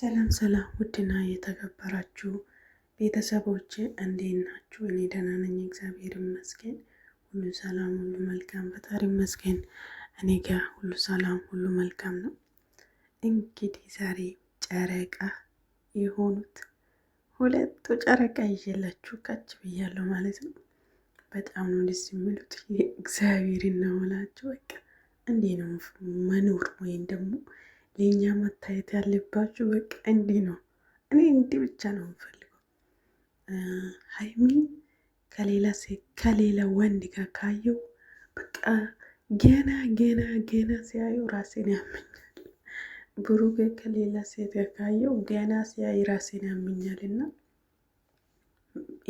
ሰላም ሰላም፣ ውድና የተከበራችሁ ቤተሰቦች እንዴት ናችሁ? እኔ ደህና ነኝ፣ እግዚአብሔር ይመስገን። ሁሉ ሰላም፣ ሁሉ መልካም፣ ፈጣሪ ይመስገን። እኔ ጋ ሁሉ ሰላም፣ ሁሉ መልካም ነው። እንግዲህ ዛሬ ጨረቃ የሆኑት ሁለቱ ጨረቃ ይዤላችሁ ቀች ብያለሁ ማለት ነው። በጣም ነው ደስ የሚሉት። እግዚአብሔር እናውላችሁ። በቃ እንዴ ነው መኖር ወይም ደግሞ የእኛ መታየት ያለባችሁ በቃ እንዲህ ነው። እኔ እንዲህ ብቻ ነው የምፈልገው። ሀይሚ ከሌላ ሴት ከሌላ ወንድ ጋር ካየው በቃ ገና ገና ገና ሲያዩ ራሴን ያመኛል። ብሩክ ከሌላ ሴት ጋር ካየው ገና ሲያይ ራሴን ያመኛል። እና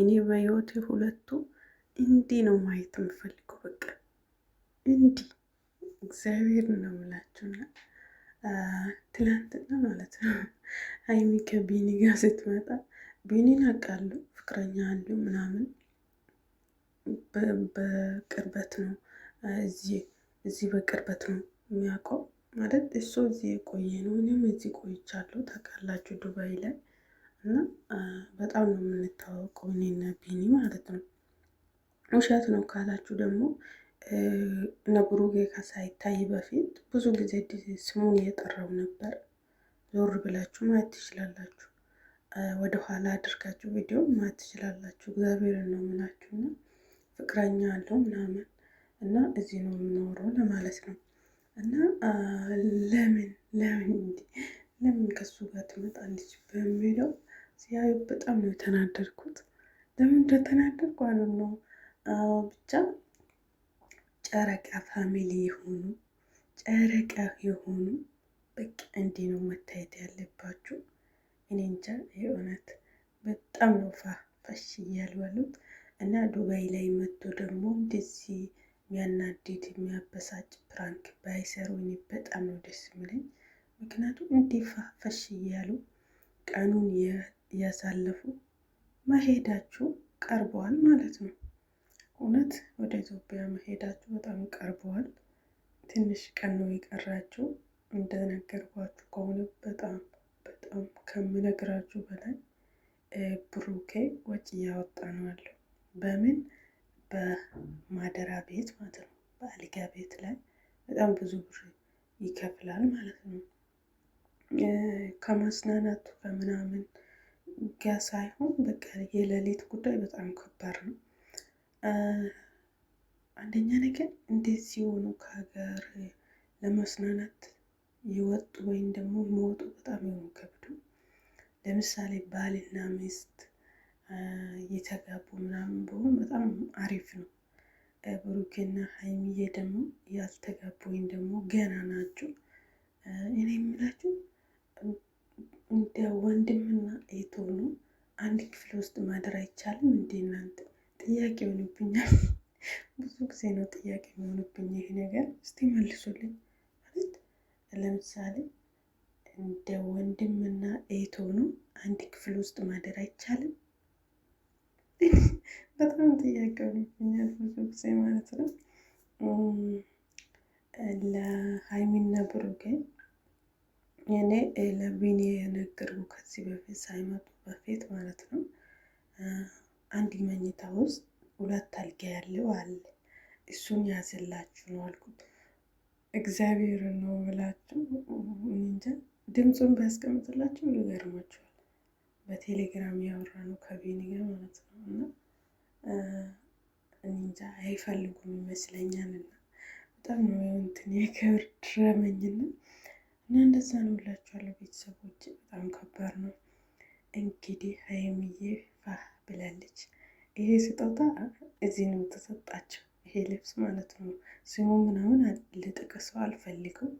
እኔ በህይወቴ ሁለቱ እንዲህ ነው ማየት የምፈልገው በቃ እንዲህ እግዚአብሔር ነው እና ትላንትና ማለት ነው ሀይሚ ከቢኒ ጋር ስትመጣ ቢኒን አውቃለሁ፣ ፍቅረኛ አሉ ምናምን በቅርበት ነው እዚህ በቅርበት ነው የሚያውቀው ማለት እሱ እዚህ የቆየ ነው። እኔም እዚህ ቆይቻለሁ ታውቃላችሁ፣ ዱባይ ላይ እና በጣም ነው የምንታወቀው እኔና ቢኒ ማለት ነው። ውሸት ነው ካላችሁ ደግሞ እነ ብሩክ ሳይታይ በፊት ብዙ ጊዜ ስሙን እየጠራው ነበር። ዞር ብላችሁ ማየት ትችላላችሁ። ወደኋላ አድርጋችሁ ቪዲዮ ማየት ትችላላችሁ። እግዚአብሔርን ነው የምላችሁ እና ፍቅረኛ አለው ምናምን እና እዚህ ነው የምኖረው ለማለት ነው እና ለምን ለምን እንዲ ለምን ከሱ ጋር ትመጣለች በሚለው ሲያዩ በጣም ነው የተናደድኩት። ለምን እንደተናደድኩ አለ ነው ብቻ ጨረቃ ፋሚሊ የሆኑ ጨረቃ የሆኑ በቃ እንዲህ ነው መታየት ያለባችሁ። እኔ እንጃ የእውነት በጣም ነው ፈሽ እያሉ ያሉት እና ዱባይ ላይ መጥቶ ደግሞ እንደዚህ የሚያናድድ የሚያበሳጭ ፕራንክ ባይሰሩ እኔ በጣም ነው ደስ የሚለኝ። ምክንያቱም እንዲህ ፈሽ እያሉ ቀኑን ያሳለፉ መሄዳችሁ ቀርበዋል ማለት ነው። እውነት ወደ ኢትዮጵያ መሄዳችሁ በጣም ቀርበዋል። ትንሽ ቀን ነው የቀራችሁ። እንደነገርኳችሁ ከሆነ በጣም በጣም ከምነግራችሁ በላይ ብሩኬ ወጪ እያወጣ ነው ያለው። በምን በማደራ ቤት ማለት ነው፣ በአልጋ ቤት ላይ በጣም ብዙ ብር ይከፍላል ማለት ነው። ከማዝናናቱ ከምናምን ጋ ሳይሆን በቃ የሌሊት ጉዳይ በጣም ከባድ ነው። አንደኛ ነገር እንዴት የሆኑ ከሀገር ለመስናናት የወጡ ወይም ደግሞ መወጡ በጣም የሚከብዱ ለምሳሌ ባልና ሚስት የተጋቡ ምናምን በሆኑ በጣም አሪፍ ነው። ብሩኬና ሀይሚዬ ደግሞ ያልተጋቡ ወይም ደግሞ ገና ናቸው። እኔ የምላቸው እንደ ወንድምና እህት ሆኖ አንድ ክፍል ውስጥ ማደር አይቻልም እንዴ እናንተ ጥያቄ ሆኖብኛል። ብዙ ጊዜ ነው ጥያቄ የሚሆንብኝ ይሄ ነገር። እስቲ መልሱልኝ። ማለት ለምሳሌ እንደ ወንድምና እህት ሆኖ አንድ ክፍል ውስጥ ማደር አይቻልም? በጣም ጥያቄ ሆኖብኛል ብዙ ጊዜ ማለት ነው። ለሀይሚና ብሩኬ እኔ ለቢኒ የነገርኩ ከዚህ በፊት ሳይመጡ በፊት ማለት ነው አንድ መኝታ ውስጥ ሁለት አልጋ ያለው አለ። እሱን ያዘላችሁ ነው አልኩት። እግዚአብሔር ነው ብላችሁ እንጃ ድምፁን ቢያስቀምጥላችሁ ይገርማችኋል። በቴሌግራም ያወራ ነው ከቤኒ ጋር ማለት ነው። እና እንጃ አይፈልጉም ይመስለኛል። እና በጣም ነው እንትን የክብር ድረመኝና እና እንደዛ ነው ብላችኋለሁ። ቤተሰቦች በጣም ከባድ ነው እንግዲህ ሀይሚዬ ይሄ ስጦታ እዚህ ነው ተሰጣቸው። ይሄ ልብስ ማለት ነው። ስሙ ምናምን ልጥቀሰው አልፈልግም፣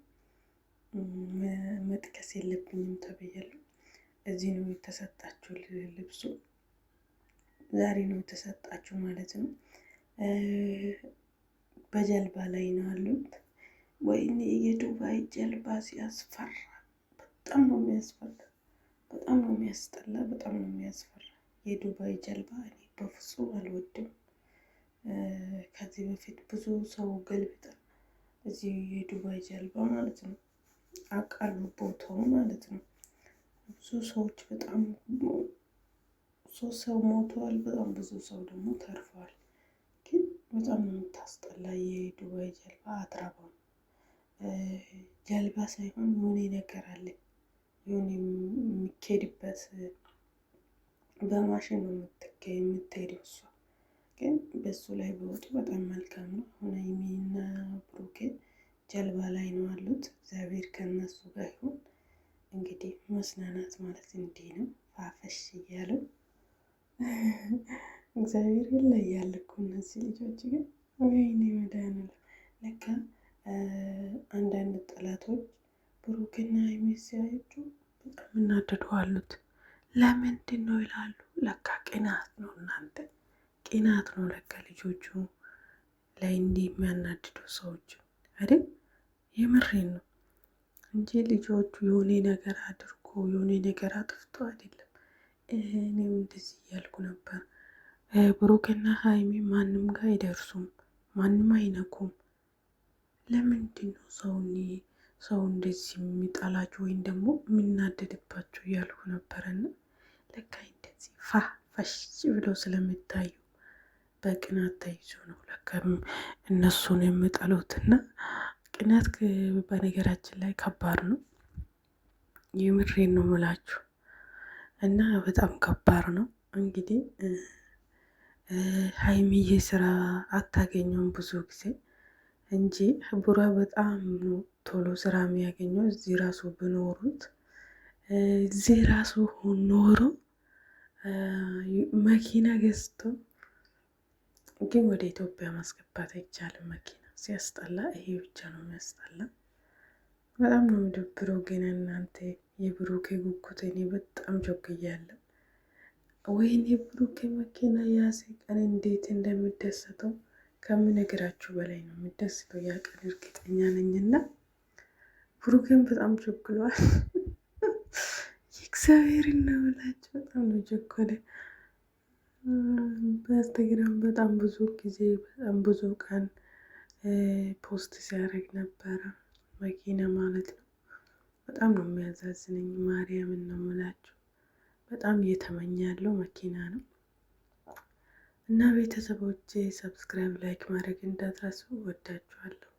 መጥቀስ የለብኝም ተብያለሁ። እዚህ ነው የተሰጣችሁ ልብሱ ዛሬ ነው የተሰጣችሁ ማለት ነው። በጀልባ ላይ ነው አሉት። ወይኔ የዱባይ ጀልባ ሲያስፈራ፣ በጣም ነው የሚያስፈራ፣ በጣም ነው የሚያስጠላ፣ በጣም ነው የሚያስፈራ የዱባይ ጀልባ በፍጹም አልወድም። ከዚህ በፊት ብዙ ሰው ገልብጣ እዚህ የዱባይ ጀልባ ማለት ነው አቃሉ ቦታው ማለት ነው። ብዙ ሰዎች በጣም ሶስት ሰው ሞተዋል። በጣም ብዙ ሰው ደግሞ ተርፈዋል። ግን በጣም የምታስጠላ የዱባይ ጀልባ አትራባ። ጀልባ ሳይሆን ምን ነገር አለ ይሁን የሚኬድበት በማሽን ነው የምትሄደው እሷ ግን በሱ ላይ በወጡ በጣም መልካም ነው። አሁን ሀይሚና ብሩኬ ጀልባ ላይ ነው አሉት። እግዚአብሔር ከእነሱ ጋር ይሁን። እንግዲህ መስናናት ማለት እንዲህ ነው። ፋፈሽ እያሉ እግዚአብሔር ይለያል እኮ እነዚህ ልጆች ግን ወይኔ መዳን ለካ አንዳንድ ጠላቶች ብሩክና ሀይሚ ሲያዩት በጣም እናደዱ አሉት። ለምንድን ነው ይላሉ ለካ ቅናት ነው እናንተ ቅናት ነው ለካ ልጆቹ ላይ እንዲህ የሚያናድዱ ሰዎች አይደል? የምሬን ነው እንጂ ልጆቹ የሆነ ነገር አድርጎ የሆነ ነገር አጥፍቶ አይደለም። እኔም እንደዚህ እያልኩ ነበር። ብሩክና ሀይሚ ማንም ጋር አይደርሱም፣ ማንም አይነኩም። ለምንድን ነው ሰው ሰው እንደዚህ የሚጣላችሁ ወይም ደግሞ የሚናደድባችሁ እያልኩ ነበረና ፋፋሽ ብለው ስለሚታዩ በቅናት ተይዞ ነው ለካም እነሱን የምጠሉትና ቅናት በነገራችን ላይ ከባድ ነው። የምሬን ነው ምላችሁ እና በጣም ከባድ ነው። እንግዲህ ሀይሚዬ ስራ አታገኘውም ብዙ ጊዜ እንጂ ቡራ በጣም ነው ቶሎ ስራ የሚያገኘው። እዚህ ራሱ ብኖሩት እዚህ ራሱ ኖረው መኪና ገዝቶ ግን ወደ ኢትዮጵያ ማስገባት አይቻልም። መኪና ሲያስጠላ፣ ይሄ ብቻ ነው የሚያስጠላ። በጣም ነው የሚደብረው። ግን እናንተ የብሩኬ ጉጉት እኔ በጣም ጆግያለሁ። ወይኔ የብሩኬ መኪና ያሴ ቀን እንዴት እንደሚደሰተው ከምነግራችሁ በላይ ነው የሚደስተው። ያ ቀን እርግጠኛ ነኝና ብሩኬን በጣም ጆግሏል። እግዚአብሔር እናምላችሁ በጣም ነው ቸኮለ። በኢንስታግራም በጣም ብዙ ጊዜ በጣም ብዙ ቀን ፖስት ሲያደርግ ነበረ መኪና ማለት ነው። በጣም ነው የሚያዛዝነኝ። ማርያም ነው በጣም እየተመኘ ያለው መኪና ነው እና ቤተሰቦቼ ሰብስክራይብ ላይክ ማድረግ እንዳትረሱ። ወዳችኋለሁ።